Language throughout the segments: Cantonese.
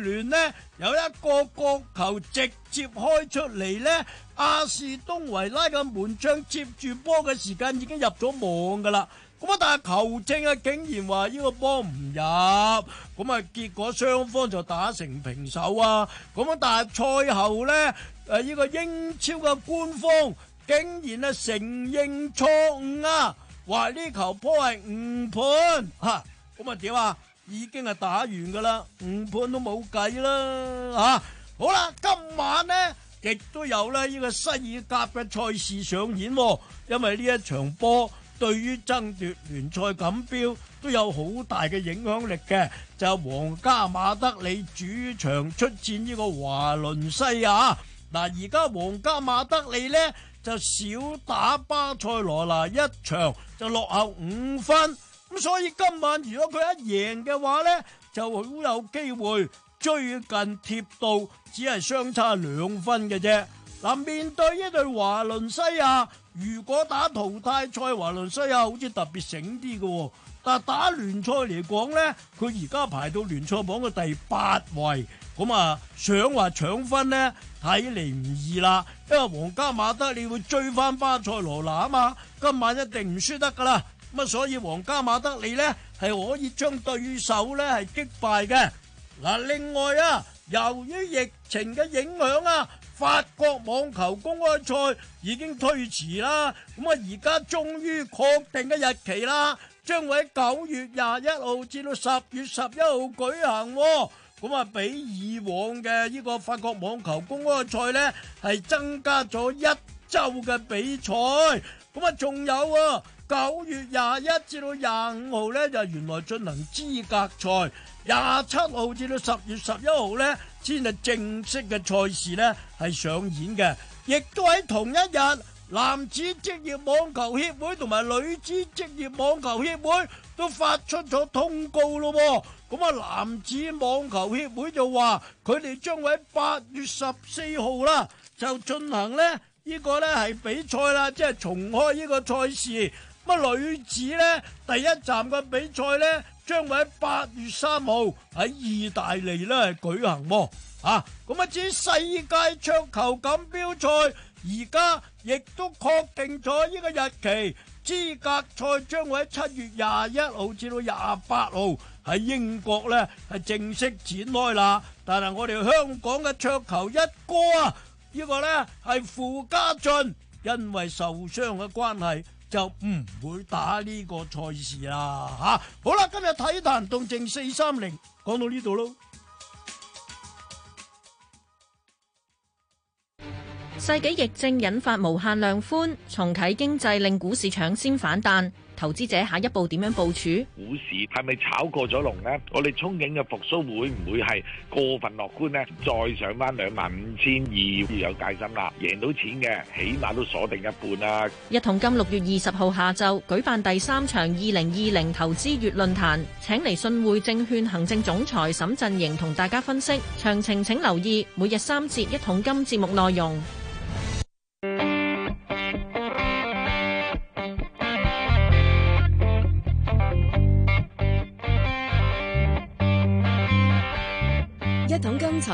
.聯咧有一個角球直接開出嚟呢，阿士東維拉嘅門將接住波嘅時間已經入咗網噶啦，咁啊但係球證啊竟然話呢個波唔入，咁啊結果雙方就打成平手啊，咁啊但係賽後咧，誒呢個英超嘅官方竟然啊承認錯誤啊，話呢球波係誤判吓，咁啊點啊？已經係打完噶啦，誤判都冇計啦吓！好啦，今晚呢亦都有咧呢個西甲嘅賽事上演。哦，因為呢一場波對於爭奪聯賽錦標都有好大嘅影響力嘅，就係皇家馬德里主場出戰呢個華倫西亞啊！嗱，而家皇家馬德里呢就少打巴塞羅那一場，就落後五分。咁所以今晚如果佢一贏嘅話咧，就好有機會追近貼到，只係相差兩分嘅啫。嗱，面對呢隊華倫西亞，如果打淘汰賽華倫西亞好似特別醒啲嘅，但係打聯賽嚟講咧，佢而家排到聯賽榜嘅第八位，咁啊想話搶分咧睇嚟唔易啦，因為皇家馬德里會追翻巴塞羅那啊嘛，今晚一定唔輸得噶啦。咁所以皇家馬德里呢係可以將對手呢係擊敗嘅。嗱，另外啊，由於疫情嘅影響啊，法國網球公開賽已經推遲啦。咁啊，而家終於確定嘅日期啦，將會喺九月廿一號至到十月十一號舉行。咁啊，比以往嘅呢個法國網球公開賽呢係增加咗一周嘅比賽。咁啊，仲有啊～九月廿一至到廿五號呢，就原來進行資格賽，廿七號至到十月十一號呢，先係正式嘅賽事呢係上演嘅，亦都喺同一日，男子職業網球協會同埋女子職業網球協會都發出咗通告咯。咁、嗯、啊，男子網球協會就話佢哋將會喺八月十四號啦就進行呢呢、呢個呢係比賽啦，即係重開呢個賽事。乜女子咧第一站嘅比賽咧，將會喺八月三號喺意大利咧舉行，啊。吓咁啊！至於世界桌球錦標賽，而家亦都確定咗呢個日期。資格賽將會喺七月廿一號至到廿八號喺英國咧係正式展開啦。但係我哋香港嘅桌球一哥，啊、這個，呢個咧係傅家俊，因為受傷嘅關係。就唔會打呢個賽事啦，吓、啊、好啦，今日體壇動靜四三零，講到呢度咯。世紀疫症引發無限量寬，重啟經濟令股市搶先反彈。投資者下一步點樣部署？股市係咪炒過咗龍呢？我哋憧憬嘅復甦會唔會係過分樂觀呢？再上翻兩萬五千二，要有戒心啦！贏到錢嘅，起碼都鎖定一半啦。一桶金六月二十號下晝舉辦第三場二零二零投資月論壇，請嚟信匯證券行政總裁沈振盈同大家分析。詳情請留意每日三節一桶金節目內容。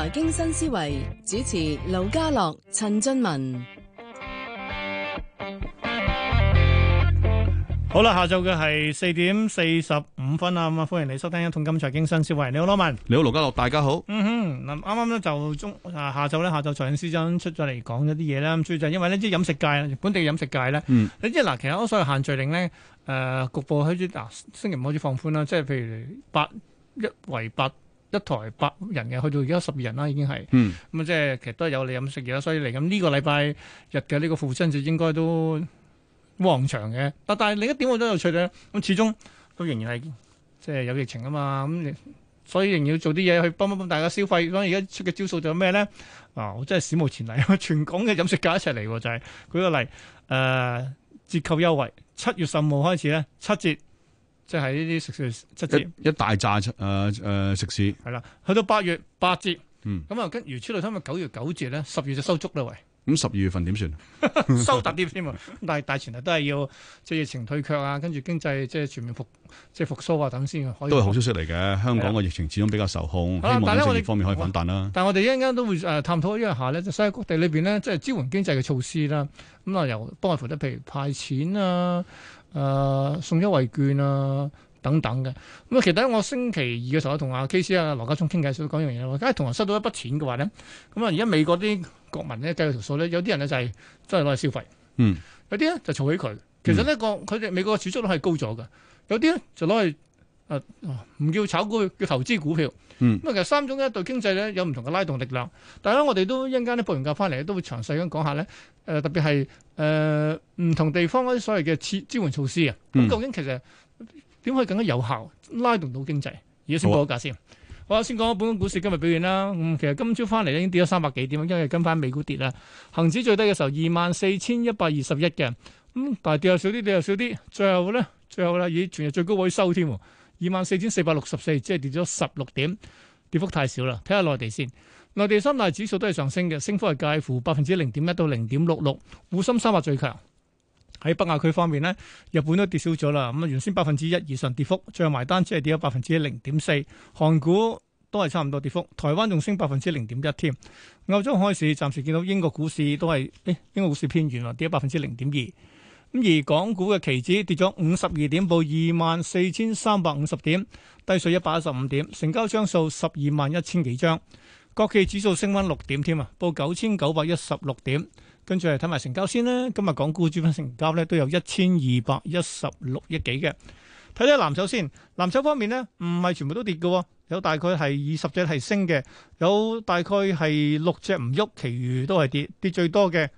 財經新思維，主持盧家樂、陳俊文。好啦，下晝嘅係四點四十五分啊，咁、嗯、啊，歡迎你收聽一桶金財經新思維。你好，羅文，你好，盧家樂，大家好。嗯哼，嗱，啱啱咧就中啊，下晝咧下晝財政司長出咗嚟講咗啲嘢啦，咁主要就因為呢啲飲、就是、食界本地飲食界咧，嗯、你即係嗱，其實我所謂限聚令咧，誒、呃，局部開始嗱、啊，星期五開始放寬啦，即係譬如八一為八。一台八人嘅去到而家十二人啦，已經係咁啊！即係其實都係有飲食嘢，啦，所以嚟咁呢個禮拜日嘅呢個父親節應該都旺場嘅。但係另一點我都有趣嘅，咁始終都仍然係即係有疫情啊嘛，咁、嗯、所以仍然要做啲嘢去幫幫大家消費。咁而家出嘅招數就咩咧？啊，我真係史無前例，全港嘅飲食界一齊嚟就係、是、舉個例誒、呃，折扣優惠，七月十五號開始咧七折。即係呢啲食肆即係一大炸出誒食肆，係啦，去到八月八折，嗯，咁啊、嗯、跟如出嚟睇咪九月九折咧，十月就收足啦喂。咁十二月份點算？ 收大啲添啊！但係大前提都係要即係疫情退卻啊，跟住經濟即係全面復即係復甦啊，等先。可以。都係好消息嚟嘅，香港嘅疫情始終比較受控，啲民生業方面可以反彈啦。但係我哋一陣間都會誒探討一下咧，就係世界各地裏邊咧，即係支援經濟嘅措施啦。咁啊，由幫下佢咧，譬如派錢啊。誒、呃，送優惠券啊，等等嘅。咁啊，其實咧，我星期二嘅時候，同阿 KC 啊、羅家聰傾偈，想講樣嘢。如果係同行收到一筆錢嘅話咧，咁啊，而家美國啲國民咧，計個條數咧，有啲人咧就係真係攞嚟消費，嗯，有啲咧就儲起佢。其實呢，個佢哋美國嘅儲蓄率係高咗嘅，有啲咧就攞去。啊，唔叫炒股叫投資股票。咁、嗯、其實三種一對經濟咧有唔同嘅拉動力量。但係咧，我哋都一陣間咧報完價翻嚟，都會詳細咁講下咧。誒、呃，特別係誒唔同地方嗰啲所謂嘅切支援措施啊。咁、嗯、究竟其實點可以更加有效拉動到經濟？而家先報個價先。好啊，好啊，先講下本港股市今日表現啦。咁、嗯、其實今朝翻嚟已經跌咗三百幾點，因為跟翻美股跌啦。恒指最低嘅時候二萬四千一百二十一嘅。咁但係跌又少啲，跌又少啲。最後咧，最後啦，咦，以全日最高位收添。二萬四千四百六十四，24, 4，即係跌咗十六點，跌幅太少啦。睇下內地先。內地三大指數都係上升嘅，升幅係介乎百分之零點一到零點六六。滬深三百最強。喺北亞區方面呢，日本都跌少咗啦。咁原先百分之一以上跌幅，最後埋單只係跌咗百分之零點四。韓股都係差唔多跌幅，台灣仲升百分之零點一添。歐洲開市，暫時見到英國股市都係，誒，英國股市偏軟啊，跌咗百分之零點二。咁而港股嘅期指跌咗五十二點，報二萬四千三百五十點，低水一百一十五點，成交張數十二萬一千幾張。國企指數升温六點添啊，報九千九百一十六點。跟住睇埋成交先啦，今日港股主板成交咧都有一千二百一十六億幾嘅。睇睇藍籌先，藍籌方面呢唔係全部都跌嘅、哦，有大概係二十隻係升嘅，有大概係六隻唔喐，其餘都係跌，跌最多嘅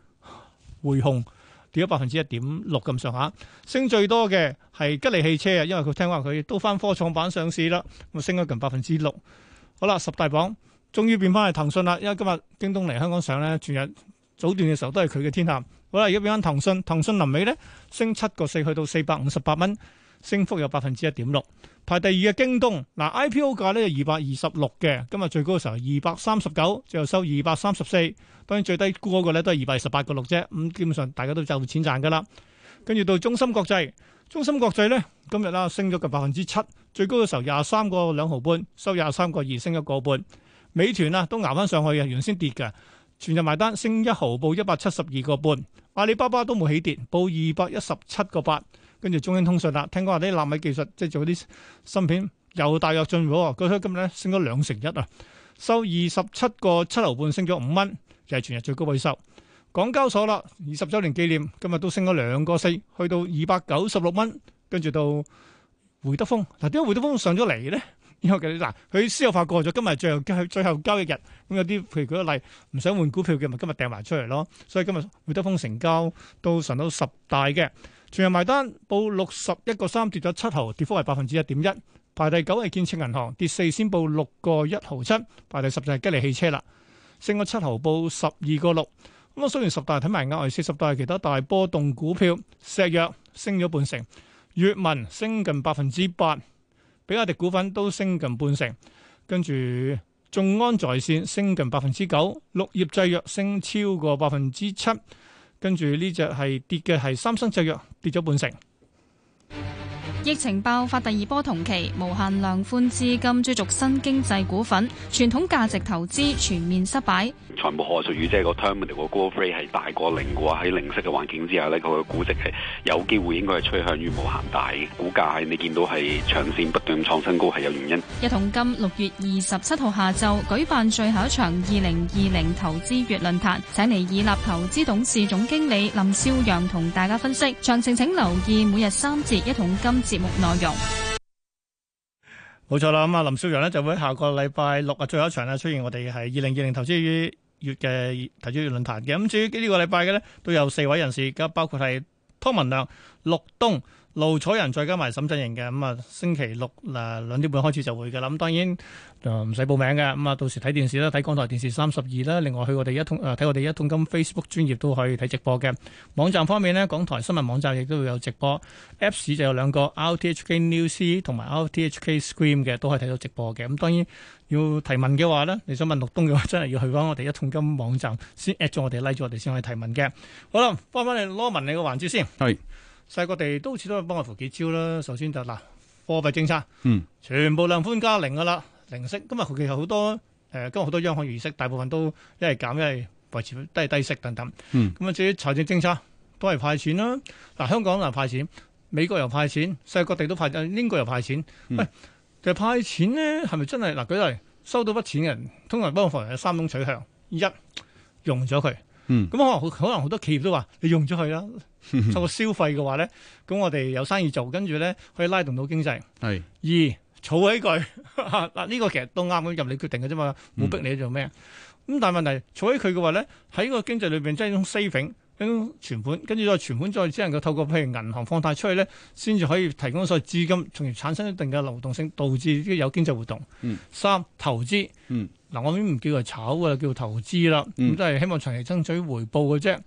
匯控。跌咗百分之一點六咁上下，升最多嘅係吉利汽車啊，因為佢聽話佢都翻科創板上市啦，咁升咗近百分之六。好啦，十大榜終於變翻係騰訊啦，因為今日京東嚟香港上咧，全日早段嘅時候都係佢嘅天下。好啦，而家變翻騰訊，騰訊臨尾咧升七個四去到四百五十八蚊。升幅有百分之一點六，排第二嘅京東，嗱 IPO 價呢就二百二十六嘅，今日最高嘅時候二百三十九，最後收二百三十四，當然最低沽嗰個呢都係二百二十八個六啫，咁基本上大家都賺錢賺㗎喇。跟住到中芯國際，中芯國際呢今日啦升咗近百分之七，最高嘅時候廿三個兩毫半，收廿三個二，升一個半。美團啊都捱返上去嘅，原先跌嘅全日埋單升一毫，報一百七十二個半。阿里巴巴都冇起跌，報二百一十七個八。跟住中興通訊啦，聽講話啲納米技術即係做啲芯片又大躍進喎，嗰所以今日咧升咗兩成一啊，收二十七個七毫半，升咗五蚊，就係、是、全日最高位收。港交所啦，二十周年紀念，今日都升咗兩個四，去到二百九十六蚊，跟住到匯德豐。嗱點解匯德豐上咗嚟咧？因為嗱佢私有化過咗，今日最後交最後交易日，咁有啲譬如舉個例，唔想換股票嘅咪今日掟埋出嚟咯，所以今日匯德豐成交都上到十大嘅。全日埋單，報六十一個三，跌咗七毫，跌幅係百分之一點一。排第九係建設銀行，跌四先報六個一毫七。排第十就係吉利汽車啦，升咗七毫，報十二個六。咁、嗯、啊，雖然十大睇埋額外，四十大係其他大波動股票，石藥升咗半成，粵文升近百分之八，比亞迪股份都升近半成，跟住眾安在線升近百分之九，綠葉製藥升超過百分之七。跟住呢隻係跌嘅係三生製藥，跌咗半成。疫情爆發第二波同期，無限量寬資金追逐新經濟股份，傳統價值投資全面失敗。全部可屬於即係、就是、個 terminal 個 growth rate 係大過零嘅話，喺零息嘅環境之下呢，佢嘅估值係有機會應該係趨向於無限大嘅，股價係你見到係長線不斷咁創新高，係有原因。一桶金六月二十七號下晝舉辦最後一場二零二零投資月論壇，請嚟以立投資董事總經理林少陽同大家分析。詳情請留意每日三節一桶金節目內容。冇錯啦，咁啊，林少陽呢就會喺下個禮拜六啊，最後一場啦，出現我哋係二零二零投資月。月嘅提出月論壇嘅，咁至於呢個禮拜嘅咧，都有四位人士，而家包括係湯文亮、陸東。盧楚仁再加埋沈振盈嘅，咁啊，星期六誒兩點半開始就會嘅。咁當然就唔使報名嘅。咁啊，到時睇電視啦，睇港台電視三十二啦。另外，去我哋一桶誒睇我哋一桶金 Facebook 專頁都可以睇直播嘅。網站方面呢，港台新聞網站亦都會有直播。Apps 就有兩個 RTHK News 同埋 RTHK Screen 嘅，都可以睇到直播嘅。咁當然要提問嘅話呢，你想問陸東嘅話，真係要去翻我哋一桶金網站先 at 咗我哋拉咗我哋先可以提問嘅。好啦，翻翻你攞埋你個環節先。係。世界各地都似都幫我扶幾招啦。首先就嗱、係、貨幣政策，嗯，全部量寬加零噶啦，零息。今日其實好多誒、呃，今日好多央行議息，大部分都一係減，一係維持都係低息等等。嗯，咁啊、嗯嗯、至於財政政策都係派錢啦。嗱香港又派錢，美國又派錢，世界各地都派，英國又派錢。喂、欸，其實派錢咧係咪真係嗱？舉例收到筆錢嘅人，通常幫我人有三種取向：一用咗佢。嗯，咁可能可能好多企業都話你用咗佢啦，透過消費嘅話咧，咁我哋有生意做，跟住咧可以拉動到經濟。係二儲喺佢。嗱，呢個其實都啱，咁入你決定嘅啫嘛，冇逼你做咩。咁但係問題儲喺佢嘅話咧，喺個經濟裏邊真係一種 saving，一種存款，跟住再存款再只能夠透過譬如銀行放貸出去咧，先至可以提供所謂資金，從而產生一定嘅流動性，導致有經濟活動。嗯、三投資。嗯。嗱，我已經唔叫做炒噶啦，叫做投資啦，咁都係希望長期爭取回報嘅啫。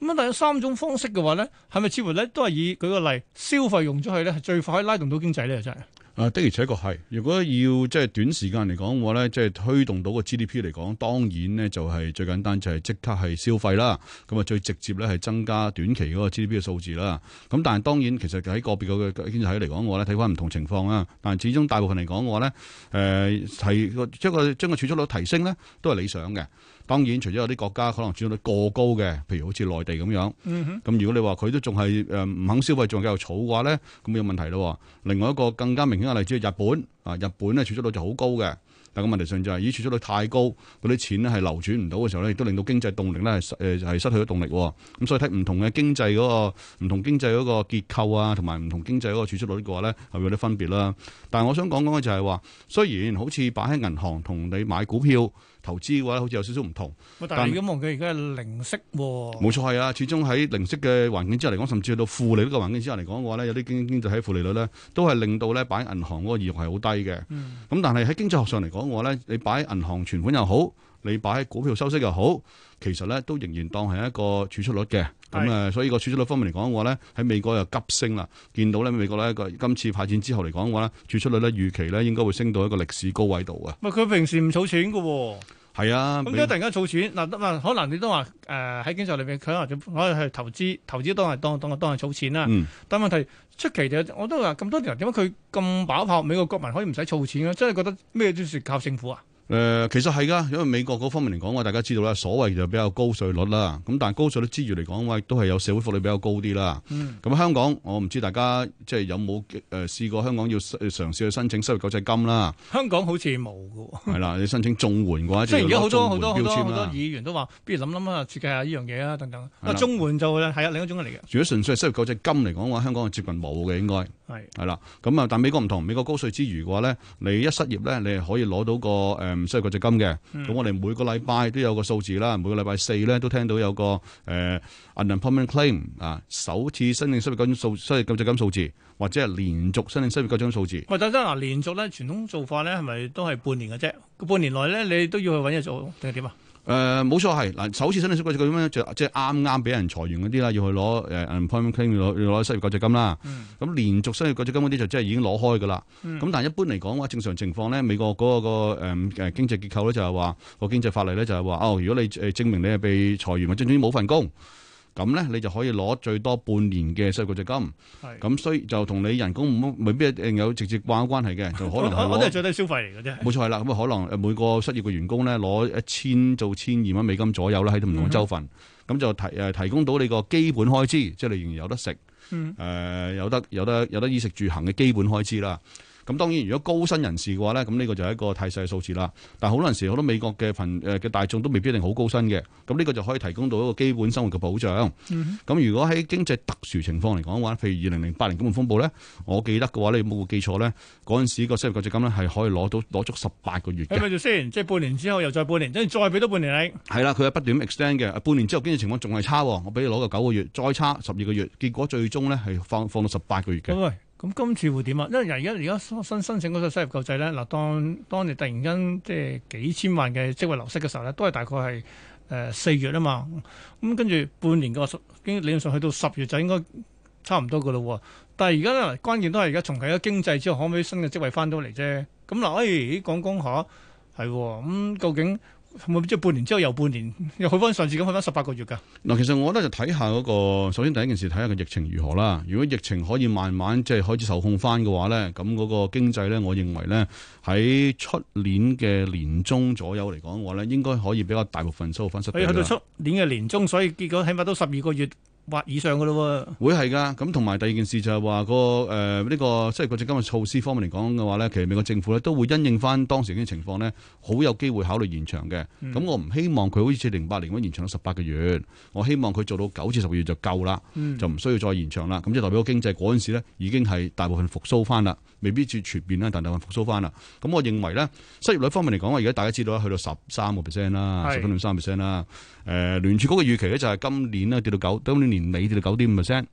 咁啊，但有三種方式嘅話咧，係咪似乎咧都係以舉個例，消費用出去咧係最快可以拉動到經濟呢，就真係。啊的而且確係，如果要即係短時間嚟講嘅話咧，即係推動到個 GDP 嚟講，當然咧就係最簡單就係即刻係消費啦。咁啊最直接咧係增加短期嗰個 GDP 嘅數字啦。咁但係當然其實喺個別嘅經濟體嚟講嘅話咧，睇翻唔同情況啊。但係始終大部分嚟講嘅話咧，誒、呃、提將個將個儲蓄率提升咧，都係理想嘅。當然，除咗有啲國家可能儲蓄率過高嘅，譬如好似內地咁樣，咁、嗯、哼如果你話佢都仲係誒唔肯消費，仲繼續儲嘅話咧，咁有問題咯。另外一個更加明顯嘅例子係日本啊，日本咧儲蓄率就好高嘅，但係個問題上就係，依儲蓄率太高，嗰啲錢咧係流轉唔到嘅時候咧，亦都令到經濟動力咧係誒係失去咗動力。咁所以睇唔同嘅經濟嗰、嗰個唔同經濟嗰個結構啊，同埋唔同經濟嗰個儲蓄率嘅話咧，係有啲分別啦。但係我想講講嘅就係話，雖然好似擺喺銀行同你買股票。投資嘅話咧，好似有少少唔同。但係如果望佢而家係零息、哦，冇錯係啊。始終喺零息嘅環境之下嚟講，甚至去到負利呢個環境之下嚟講嘅話咧，有啲經濟經喺負利率咧，都係令到咧擺銀行嗰個意義係好低嘅。咁、嗯、但係喺經濟學上嚟講嘅話咧，你擺銀行存款又好，你擺股票收息又好，其實咧都仍然當係一個儲蓄率嘅咁啊。所以個儲蓄率方面嚟講嘅話咧，喺美國又急升啦。見到咧美國咧個今次派錢之後嚟講嘅話咧，儲蓄率咧預期咧應該會升到一個歷史高位度啊。唔佢平時唔儲錢嘅喎、哦。係啊，咁點解突然間儲錢嗱，得可能你都話誒喺經濟裏邊，佢、呃、話可，可以去投資，投資都係當當當係儲錢啦、啊。嗯、但問題出奇就，我都話咁多年嚟，點解佢咁把炮？美國國民可以唔使儲錢嘅，真係覺得咩都要靠政府啊！誒、呃，其實係㗎，因為美國嗰方面嚟講，我大家知道啦，所謂就比較高稅率啦。咁但係高稅率之餘嚟講，咁亦都係有社會福利比較高啲啦。咁、嗯嗯、香港，我唔知大家即係有冇誒試過香港要嘗試去申請失業救濟金啦。香港好似冇㗎喎。係 啦，你申請綜援嘅話，即係而家好多好多好多好多議員都話，不如諗諗啊，設計下呢樣嘢啊，等等。啊的，綜援就會係啊另一種嚟嘅。如果純粹係失業救濟金嚟講嘅話，香港係接近冇嘅應該係係啦。咁啊的，但美國唔同，美國高稅之餘嘅話咧，你一失業咧，你係可以攞到個誒。嗯唔需要救濟金嘅，咁我哋每個禮拜都有個數字啦。每個禮拜四咧都聽到有個誒、呃、unemployment claim 啊，首次申請失業金數、失業救濟金數字，或者係連續申請失業個張數字。喂，大家嗱，連續咧傳統做法咧係咪都係半年嘅啫？個半年內咧，你都要去揾嘢做定係點啊？誒，冇、呃、錯係，嗱，首次申領失業救濟金就即係啱啱俾人裁員嗰啲啦，要去攞誒、呃、，employment claim 要攞要攞失業救濟金啦。咁連續失業救濟金嗰啲就即係已經攞開噶啦。咁、嗯嗯嗯、但係一般嚟講嘅正常情況咧，美國嗰、那個、那個誒誒、那個呃、經濟結構咧就係、是、話、那個經濟法例咧就係、是、話，哦，如果你誒證明你係被裁員或者總之冇份工。咁咧，你就可以攞最多半年嘅失業救濟金。咁是所以就同你人工唔未必有直接掛鈎關係嘅，就可能係我 我哋最低消費嚟嘅啫。冇錯係啦，咁啊可能每個失業嘅員工咧攞一千到一千二蚊美金左右啦，喺唔同州份咁、嗯、哼就提誒、呃、提供到你個基本開支，即係你仍然有得食，誒、嗯哼呃、有得有得有得，有得衣食住行嘅基本開支啦。咁當然，如果高薪人士嘅話咧，咁、這、呢個就係一個太細嘅數字啦。但係好多陣時，好多美國嘅貧誒嘅大眾都未必一定好高薪嘅。咁、這、呢個就可以提供到一個基本生活嘅保障。咁、嗯、哼如果喺經濟特殊情況嚟講嘅話，譬如二零零八年金融風暴咧，我記得嘅話你冇記錯咧，嗰陣時個失業救濟金咧係可以攞到攞足十八個月嘅。係咪住先？即係半年之後又再半年，跟住再俾多半年你。係啦，佢係不斷 extend 嘅。半年之後經濟情況仲係差，我俾你攞個九個月，再差十二個月，結果最終咧係放放到十八個月嘅。對。咁今次會點啊？因為而家而家新申請嗰個收入救濟咧，嗱當當你突然間即係幾千萬嘅職位流失嘅時候咧，都係大概係誒四月啊嘛。咁、嗯、跟住半年嘅話，理論上去到十月就應該差唔多嘅嘞喎。但係而家咧，關鍵都係而家重啟咗經濟之後，可唔可以新嘅職位翻到嚟啫？咁、嗯、嗱，誒、哎、講講下，係咁、嗯，究竟？係咪即係半年之後，又半年，又去翻上次咁去翻十八個月噶？嗱，其實我覺得就睇下嗰個，首先第一件事睇下個疫情如何啦。如果疫情可以慢慢即係開始受控翻嘅話咧，咁嗰個經濟咧，我認為咧喺，出年嘅年中左右嚟講嘅話咧，應該可以比較大部分收翻出。可以去到出年嘅年中，所以結果起碼都十二個月。八以上噶咯喎，會係噶。咁同埋第二件事就係話、那個誒呢、呃這個即係失業救濟金嘅措施方面嚟講嘅話咧，其實美國政府咧都會因應翻當時嘅情況咧，好有機會考慮延長嘅。咁、嗯、我唔希望佢好似零八年咁延長到十八個月，我希望佢做到九至十個月就夠啦，嗯、就唔需要再延長啦。咁即代表個經濟嗰陣時咧，已經係大部分復甦翻啦，未必至全面啦，但大部分復甦翻啦。咁我認為咧，失業率方面嚟講，我而家大家知道去到十三個 percent 啦，十三點三 percent 啦。誒是、呃、聯儲局嘅預期咧就係今年咧跌到九，今年。今年今年年年尾跌到九點五 percent，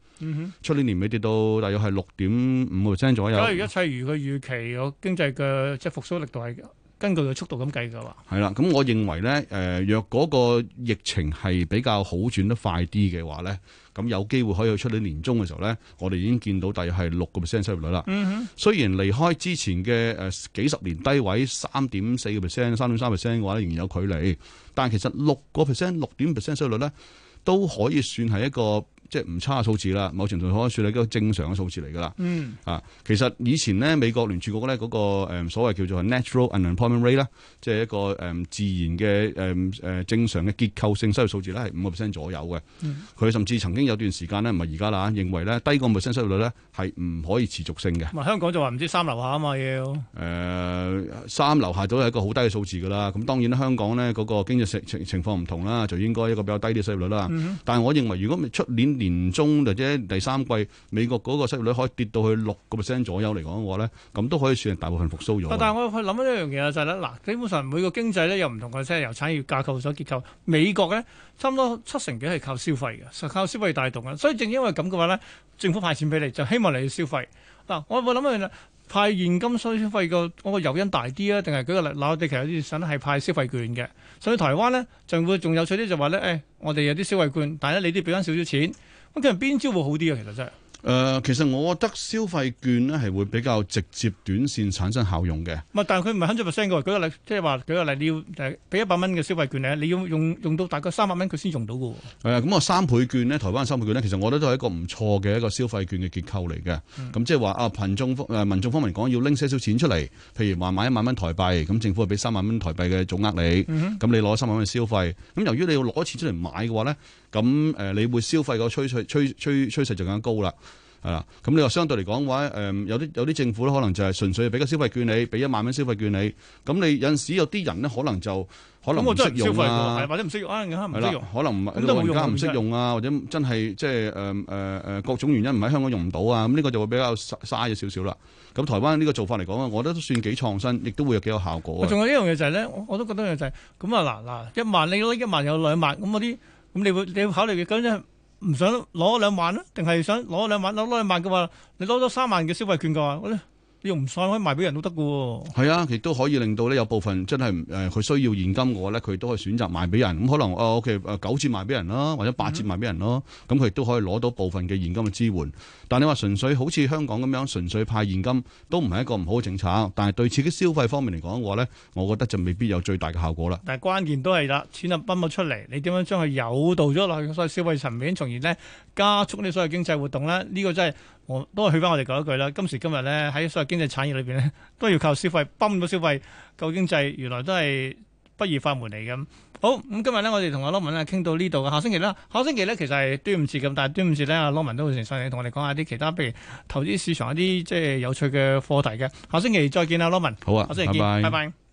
出年年尾跌到大約係六點五 percent 左右。咁而一切如佢預期，個經濟嘅即係復甦力度係根據個速度咁計嘅話，係啦。咁我認為咧，誒、呃、若嗰個疫情係比較好轉得快啲嘅話咧，咁有機會可以去出年年中嘅時候咧，我哋已經見到大約係六個 percent 失業率啦。嗯哼，雖然離開之前嘅誒、呃、幾十年低位三點四個 percent、三點三 percent 嘅話仍然有距離，但係其實六個 percent、六點 percent 失業率咧。都可以算係一個。即係唔差嘅數字啦，某程度上可以算係一個正常嘅數字嚟噶啦。嗯啊，其實以前咧美國聯儲局咧嗰、那個誒、嗯、所謂叫做 natural unemployment rate 咧、啊，即係一個誒、嗯、自然嘅誒誒正常嘅結構性失業數字咧係五個 percent 左右嘅。佢、嗯、甚至曾經有段時間咧唔係而家啦，認為咧低過五個 percent 失業率咧係唔可以持續性嘅。香港就話唔知三樓下啊嘛要？誒、呃，三樓下都係一個好低嘅數字噶啦。咁當然啦，香港咧嗰、那個經濟情情況唔同啦，就應該一個比較低啲失業率啦。嗯、但係我認為如果出年，年年中或者第三季，美國嗰個失業率可以跌到去六個 percent 左右嚟講嘅話咧，咁都可以算係大部分復甦咗。但係我去諗一樣嘢就係咧，嗱，基本上每個經濟咧又唔同嘅，即係由產業架構所結構。美國咧差唔多七成幾係靠消費嘅，靠消費帶動嘅。所以正因為咁嘅話咧，政府派錢俾你，就希望你去消費。嗱，我會諗下派現金需消費個嗰個誘因大啲啊，定係嗰個嗱我哋其實有啲想係派消費券嘅。所以台灣咧就會仲有趣啲，就話咧，誒，我哋有啲消費券，但係咧你都要俾翻少少錢。咁其實邊招會好啲啊？其實真係。誒、呃，其實我覺得消費券咧係會比較直接短線產生效用嘅。唔但係佢唔係肯將 percent 個。舉個例，即係話舉個例，你要俾一百蚊嘅消費券咧，你要用用到大概三百蚊佢先用到嘅喎。咁啊三倍券咧，台灣三倍券咧，其實我覺得都係一個唔錯嘅一個消費券嘅結構嚟嘅。咁即係話啊，羣眾誒民眾方面講，嗯嗯、要拎些少錢出嚟，譬如話買一萬蚊台幣，咁政府係俾三萬蚊台幣嘅總額你，咁你攞三萬蚊消費。咁由於你要攞錢出嚟買嘅話咧，咁誒你會消費個趨勢趨趨趨勢就更加高啦。係啦，咁你話相對嚟講嘅話，誒、呃、有啲有啲政府咧，可能就係純粹俾個消費券你，俾一萬蚊消費券你。咁、嗯、你有陣時有啲人咧，可能就可能唔識用啊，嗯、或者唔識用啊，唔識用，可能咁都唔識用啊，或者真係即係誒誒誒各種原因唔喺香港用唔到啊。咁、嗯、呢、呢個就會比較嘥咗少少啦。咁、嗯、台灣呢個做法嚟講啊，我覺得都算幾創新，亦都會有幾有效果。仲有一樣嘢就係、是、咧，我都覺得嘅就係咁啊嗱嗱，一萬你攞一萬有兩萬，咁嗰啲咁你會你會考慮嘅咁唔想攞兩萬咯，定係想攞兩萬？攞兩萬嘅話，你攞咗三萬嘅消費券嘅話，我用唔曬可以賣俾人都得嘅喎，係啊，亦都可以令到咧有部分真係誒佢需要現金嘅話咧，佢都可以選擇賣俾人。咁可能啊、呃、OK 誒、呃、九折賣俾人啦，或者八折賣俾人咯，咁佢亦都可以攞到部分嘅現金嘅支援。但你話純粹好似香港咁樣純粹派現金，都唔係一個唔好嘅政策。但係對自己消費方面嚟講，嘅話咧，我覺得就未必有最大嘅效果啦。但係關鍵都係啦，錢泵咗出嚟，你點樣將佢誘導咗落去所謂消費層面，從而咧加速你所謂經濟活動咧？呢、呢個真係。我都係去翻我哋講一句啦。今時今日咧，喺所有經濟產業裏邊咧，都要靠消費，泵到消費，救經濟原來都係不二法門嚟嘅。好，咁、嗯、今日咧，我哋同阿羅文咧傾到呢度嘅。下星期啦，下星期咧其實係端午節咁。但係端午節咧，阿羅文都會順勢同我哋講下啲其他，譬如投資市場一啲即係有趣嘅課題嘅。下星期再見啦，阿羅文。好啊，下星期見，拜拜 bye。Bye bye